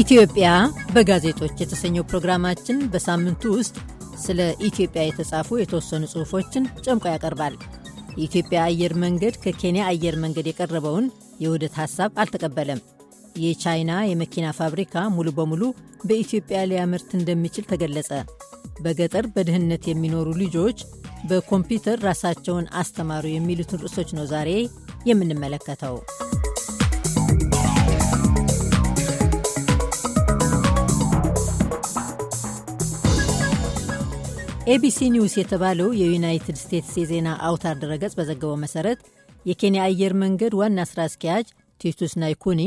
ኢትዮጵያ በጋዜጦች የተሰኘው ፕሮግራማችን በሳምንቱ ውስጥ ስለ ኢትዮጵያ የተጻፉ የተወሰኑ ጽሑፎችን ጨምቆ ያቀርባል። የኢትዮጵያ አየር መንገድ ከኬንያ አየር መንገድ የቀረበውን የውህደት ሐሳብ አልተቀበለም። የቻይና የመኪና ፋብሪካ ሙሉ በሙሉ በኢትዮጵያ ሊያመርት እንደሚችል ተገለጸ። በገጠር በድህነት የሚኖሩ ልጆች በኮምፒውተር ራሳቸውን አስተማሩ የሚሉትን ርዕሶች ነው ዛሬ የምንመለከተው። ኤቢሲ ኒውስ የተባለው የዩናይትድ ስቴትስ የዜና አውታር ድረገጽ በዘገበው መሰረት የኬንያ አየር መንገድ ዋና ስራ አስኪያጅ ቲቱስ ናይኩኒ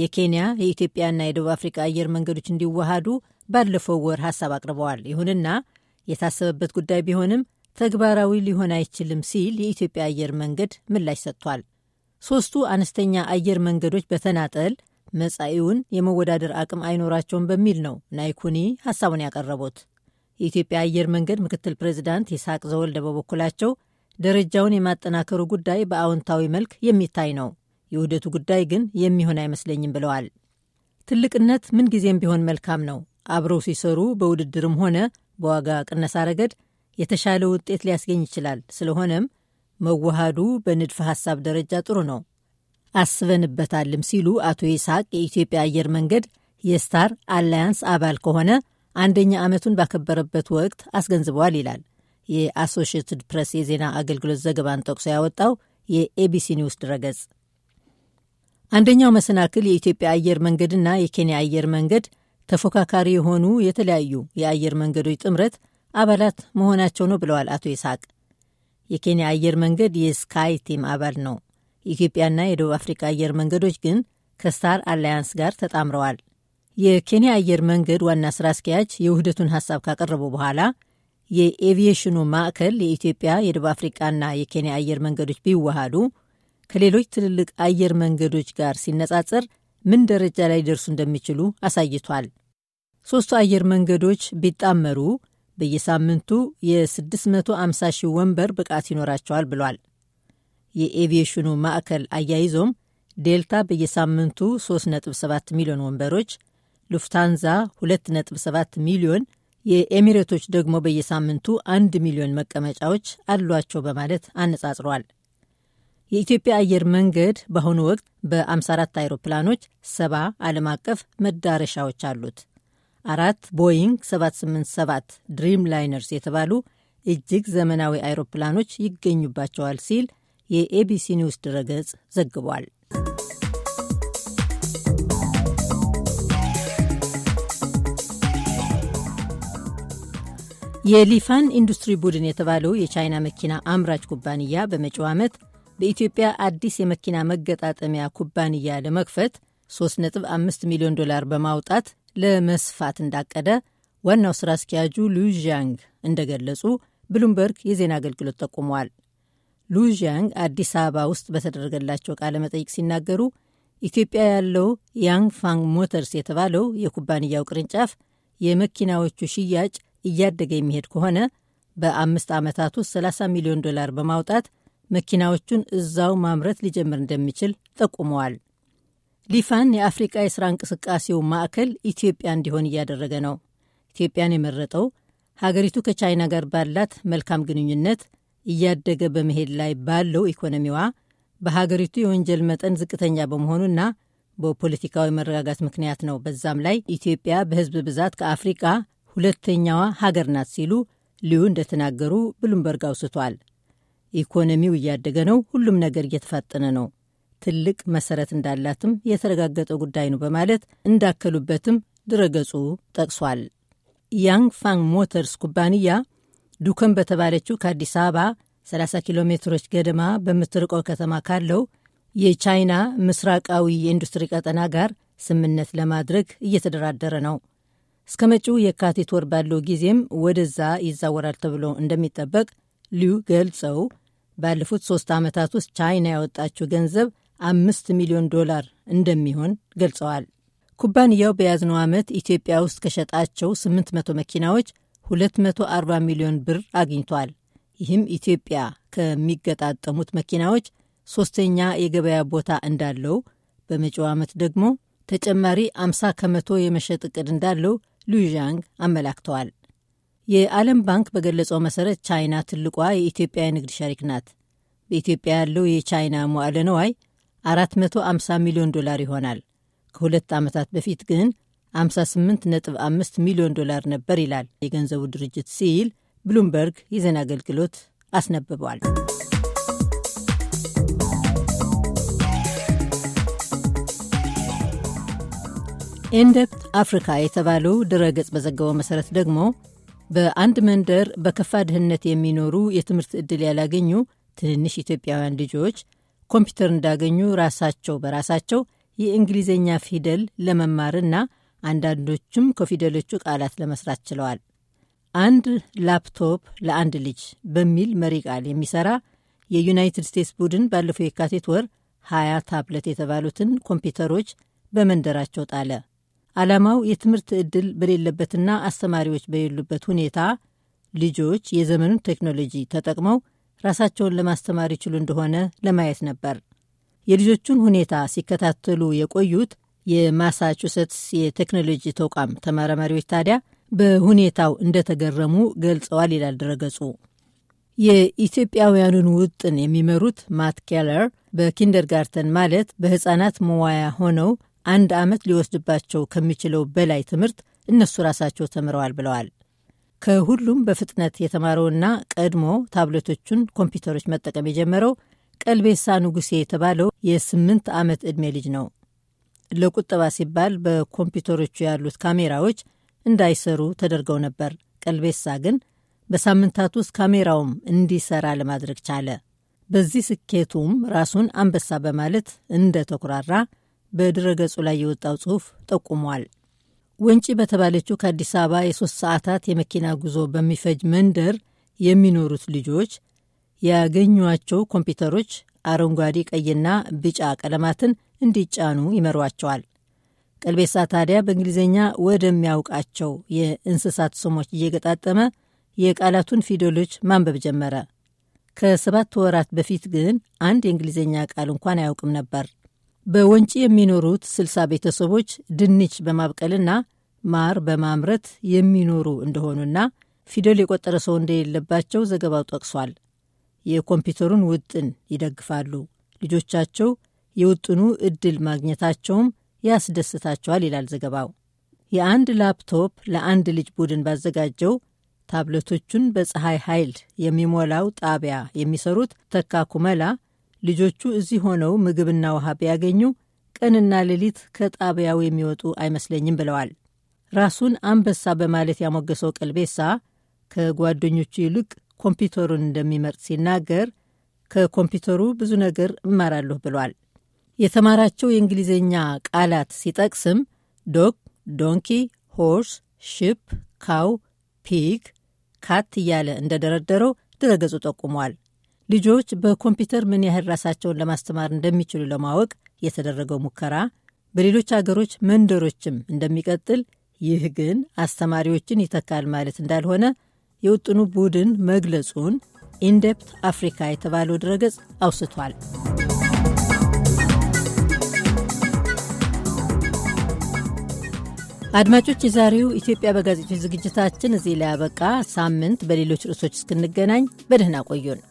የኬንያ የኢትዮጵያና የደቡብ አፍሪካ አየር መንገዶች እንዲዋሃዱ ባለፈው ወር ሀሳብ አቅርበዋል። ይሁንና የታሰበበት ጉዳይ ቢሆንም ተግባራዊ ሊሆን አይችልም ሲል የኢትዮጵያ አየር መንገድ ምላሽ ሰጥቷል። ሦስቱ አነስተኛ አየር መንገዶች በተናጠል መጻኢውን የመወዳደር አቅም አይኖራቸውም በሚል ነው ናይኩኒ ሀሳቡን ያቀረቡት። የኢትዮጵያ አየር መንገድ ምክትል ፕሬዚዳንት ይስሐቅ ዘወልደ በበኩላቸው ደረጃውን የማጠናከሩ ጉዳይ በአዎንታዊ መልክ የሚታይ ነው፣ የውህደቱ ጉዳይ ግን የሚሆን አይመስለኝም ብለዋል። ትልቅነት ምንጊዜም ቢሆን መልካም ነው። አብረው ሲሰሩ በውድድርም ሆነ በዋጋ ቅነሳ ረገድ የተሻለ ውጤት ሊያስገኝ ይችላል። ስለሆነም መዋሃዱ በንድፈ ሐሳብ ደረጃ ጥሩ ነው፣ አስበንበታልም ሲሉ አቶ ይስሐቅ የኢትዮጵያ አየር መንገድ የስታር አላያንስ አባል ከሆነ አንደኛ ዓመቱን ባከበረበት ወቅት አስገንዝበዋል ይላል የአሶሽትድ ፕሬስ የዜና አገልግሎት ዘገባን ጠቅሶ ያወጣው የኤቢሲ ኒውስ ድረገጽ። አንደኛው መሰናክል የኢትዮጵያ አየር መንገድና የኬንያ አየር መንገድ ተፎካካሪ የሆኑ የተለያዩ የአየር መንገዶች ጥምረት አባላት መሆናቸው ነው ብለዋል አቶ ይስሐቅ። የኬንያ አየር መንገድ የስካይ ቲም አባል ነው። የኢትዮጵያና የደቡብ አፍሪካ አየር መንገዶች ግን ከስታር አላያንስ ጋር ተጣምረዋል። የኬንያ አየር መንገድ ዋና ስራ አስኪያጅ የውህደቱን ሀሳብ ካቀረቡ በኋላ የኤቪየሽኑ ማዕከል የኢትዮጵያ የደቡብ አፍሪቃና የኬንያ አየር መንገዶች ቢዋሃዱ ከሌሎች ትልልቅ አየር መንገዶች ጋር ሲነጻጸር ምን ደረጃ ላይ ሊደርሱ እንደሚችሉ አሳይቷል። ሦስቱ አየር መንገዶች ቢጣመሩ በየሳምንቱ የ650 ሺህ ወንበር ብቃት ይኖራቸዋል ብሏል። የኤቪዬሽኑ ማዕከል አያይዞም ዴልታ በየሳምንቱ 3.7 ሚሊዮን ወንበሮች ሉፍታንዛ 2.7 ሚሊዮን የኤሚሬቶች ደግሞ በየሳምንቱ 1 ሚሊዮን መቀመጫዎች አሏቸው በማለት አነጻጽሯል። የኢትዮጵያ አየር መንገድ በአሁኑ ወቅት በ54 አይሮፕላኖች ሰባ ዓለም አቀፍ መዳረሻዎች አሉት። አራት ቦይንግ 787 ድሪም ላይነርስ የተባሉ እጅግ ዘመናዊ አይሮፕላኖች ይገኙባቸዋል ሲል የኤቢሲ ኒውስ ድረገጽ ዘግቧል። የሊፋን ኢንዱስትሪ ቡድን የተባለው የቻይና መኪና አምራች ኩባንያ በመጪው ዓመት በኢትዮጵያ አዲስ የመኪና መገጣጠሚያ ኩባንያ ለመክፈት 3.5 ሚሊዮን ዶላር በማውጣት ለመስፋት እንዳቀደ ዋናው ሥራ አስኪያጁ ሉዣንግ እንደገለጹ ብሉምበርግ የዜና አገልግሎት ጠቁሟል። ሉዣንግ አዲስ አበባ ውስጥ በተደረገላቸው ቃለ መጠይቅ ሲናገሩ ኢትዮጵያ ያለው ያንግ ፋንግ ሞተርስ የተባለው የኩባንያው ቅርንጫፍ የመኪናዎቹ ሽያጭ እያደገ የሚሄድ ከሆነ በአምስት ዓመታት ውስጥ 30 ሚሊዮን ዶላር በማውጣት መኪናዎቹን እዛው ማምረት ሊጀምር እንደሚችል ጠቁመዋል። ሊፋን የአፍሪቃ የሥራ እንቅስቃሴው ማዕከል ኢትዮጵያ እንዲሆን እያደረገ ነው። ኢትዮጵያን የመረጠው ሀገሪቱ ከቻይና ጋር ባላት መልካም ግንኙነት፣ እያደገ በመሄድ ላይ ባለው ኢኮኖሚዋ፣ በሀገሪቱ የወንጀል መጠን ዝቅተኛ በመሆኑና በፖለቲካዊ መረጋጋት ምክንያት ነው። በዛም ላይ ኢትዮጵያ በሕዝብ ብዛት ከአፍሪቃ ሁለተኛዋ ሀገር ናት ሲሉ ሊዩ እንደተናገሩ ብሉምበርግ አውስቷል። ኢኮኖሚው እያደገ ነው፣ ሁሉም ነገር እየተፋጠነ ነው፣ ትልቅ መሰረት እንዳላትም የተረጋገጠ ጉዳይ ነው በማለት እንዳከሉበትም ድረገጹ ጠቅሷል። ያንግ ፋንግ ሞተርስ ኩባንያ ዱከም በተባለችው ከአዲስ አበባ 30 ኪሎ ሜትሮች ገደማ በምትርቀው ከተማ ካለው የቻይና ምስራቃዊ የኢንዱስትሪ ቀጠና ጋር ስምነት ለማድረግ እየተደራደረ ነው። እስከ መጪው የካቲት ወር ባለው ጊዜም ወደዛ ይዛወራል ተብሎ እንደሚጠበቅ ሊዩ ገልጸው ባለፉት ሶስት ዓመታት ውስጥ ቻይና ያወጣችው ገንዘብ አምስት ሚሊዮን ዶላር እንደሚሆን ገልጸዋል። ኩባንያው በያዝነው ዓመት ኢትዮጵያ ውስጥ ከሸጣቸው 800 መኪናዎች 240 ሚሊዮን ብር አግኝቷል። ይህም ኢትዮጵያ ከሚገጣጠሙት መኪናዎች ሶስተኛ የገበያ ቦታ እንዳለው፣ በመጪው ዓመት ደግሞ ተጨማሪ 50 ከመቶ የመሸጥ እቅድ እንዳለው ሉዣንግ አመላክተዋል። የዓለም ባንክ በገለጸው መሰረት ቻይና ትልቋ የኢትዮጵያ የንግድ ሸሪክ ናት። በኢትዮጵያ ያለው የቻይና መዋዕለ ነዋይ 450 ሚሊዮን ዶላር ይሆናል። ከሁለት ዓመታት በፊት ግን 58.5 ሚሊዮን ዶላር ነበር ይላል የገንዘቡ ድርጅት ሲል ብሉምበርግ የዜና አገልግሎት አስነብቧል። ኢንደፕት አፍሪካ የተባለው ድረገጽ በዘገበው መሰረት ደግሞ በአንድ መንደር በከፋ ድህነት የሚኖሩ የትምህርት ዕድል ያላገኙ ትንንሽ ኢትዮጵያውያን ልጆች ኮምፒውተር እንዳገኙ ራሳቸው በራሳቸው የእንግሊዝኛ ፊደል ለመማርና አንዳንዶቹም ከፊደሎቹ ቃላት ለመስራት ችለዋል። አንድ ላፕቶፕ ለአንድ ልጅ በሚል መሪ ቃል የሚሰራ የዩናይትድ ስቴትስ ቡድን ባለፈው የካቲት ወር ሀያ ታብለት የተባሉትን ኮምፒውተሮች በመንደራቸው ጣለ። ዓላማው የትምህርት ዕድል በሌለበትና አስተማሪዎች በሌሉበት ሁኔታ ልጆች የዘመኑን ቴክኖሎጂ ተጠቅመው ራሳቸውን ለማስተማር ይችሉ እንደሆነ ለማየት ነበር። የልጆቹን ሁኔታ ሲከታተሉ የቆዩት የማሳቹሴትስ የቴክኖሎጂ ተቋም ተመራማሪዎች ታዲያ በሁኔታው እንደተገረሙ ገልጸዋል ይላል ድረገጹ። የኢትዮጵያውያኑን ውጥን የሚመሩት ማት ኬለር በኪንደርጋርተን ማለት በሕፃናት መዋያ ሆነው አንድ ዓመት ሊወስድባቸው ከሚችለው በላይ ትምህርት እነሱ ራሳቸው ተምረዋል ብለዋል። ከሁሉም በፍጥነት የተማረውና ቀድሞ ታብሌቶቹን፣ ኮምፒውተሮች መጠቀም የጀመረው ቀልቤሳ ንጉሴ የተባለው የስምንት ዓመት ዕድሜ ልጅ ነው። ለቁጠባ ሲባል በኮምፒውተሮቹ ያሉት ካሜራዎች እንዳይሰሩ ተደርገው ነበር። ቀልቤሳ ግን በሳምንታት ውስጥ ካሜራውም እንዲሰራ ለማድረግ ቻለ። በዚህ ስኬቱም ራሱን አንበሳ በማለት እንደ ተኩራራ በድረገጹ ላይ የወጣው ጽሑፍ ጠቁሟል። ወንጪ በተባለችው ከአዲስ አበባ የሶስት ሰዓታት የመኪና ጉዞ በሚፈጅ መንደር የሚኖሩት ልጆች ያገኟቸው ኮምፒውተሮች አረንጓዴ፣ ቀይና ቢጫ ቀለማትን እንዲጫኑ ይመሯቸዋል። ቀልቤሳ ታዲያ በእንግሊዝኛ ወደሚያውቃቸው የእንስሳት ስሞች እየገጣጠመ የቃላቱን ፊደሎች ማንበብ ጀመረ። ከሰባት ወራት በፊት ግን አንድ የእንግሊዝኛ ቃል እንኳን አያውቅም ነበር። በወንጪ የሚኖሩት ስልሳ ቤተሰቦች ድንች በማብቀልና ማር በማምረት የሚኖሩ እንደሆኑና ፊደል የቆጠረ ሰው እንደሌለባቸው ዘገባው ጠቅሷል። የኮምፒውተሩን ውጥን ይደግፋሉ። ልጆቻቸው የውጥኑ እድል ማግኘታቸውም ያስደስታቸዋል ይላል ዘገባው። የአንድ ላፕቶፕ ለአንድ ልጅ ቡድን ባዘጋጀው ታብሌቶቹን በፀሐይ ኃይል የሚሞላው ጣቢያ የሚሰሩት ተካ ኩመላ ልጆቹ እዚህ ሆነው ምግብና ውሃ ቢያገኙ ቀንና ሌሊት ከጣቢያው የሚወጡ አይመስለኝም ብለዋል። ራሱን አንበሳ በማለት ያሞገሰው ቀልቤሳ ከጓደኞቹ ይልቅ ኮምፒውተሩን እንደሚመርጥ ሲናገር ከኮምፒውተሩ ብዙ ነገር እማራለሁ ብሏል። የተማራቸው የእንግሊዝኛ ቃላት ሲጠቅስም ዶግ፣ ዶንኪ፣ ሆርስ፣ ሺፕ፣ ካው፣ ፒግ፣ ካት እያለ እንደደረደረው ድረገጹ ጠቁሟል። ልጆች በኮምፒውተር ምን ያህል ራሳቸውን ለማስተማር እንደሚችሉ ለማወቅ የተደረገው ሙከራ በሌሎች አገሮች መንደሮችም እንደሚቀጥል፣ ይህ ግን አስተማሪዎችን ይተካል ማለት እንዳልሆነ የውጥኑ ቡድን መግለጹን ኢንዴፕት አፍሪካ የተባለው ድረገጽ አውስቷል። አድማጮች፣ የዛሬው ኢትዮጵያ በጋዜጦች ዝግጅታችን እዚህ ላይ ያበቃ። ሳምንት በሌሎች ርዕሶች እስክንገናኝ በደህና ቆዩን።